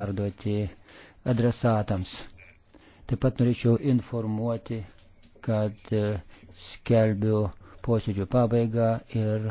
perduoti adresatams. Taip pat norėčiau informuoti, kad e, skelbiu posėdžio pabaigą ir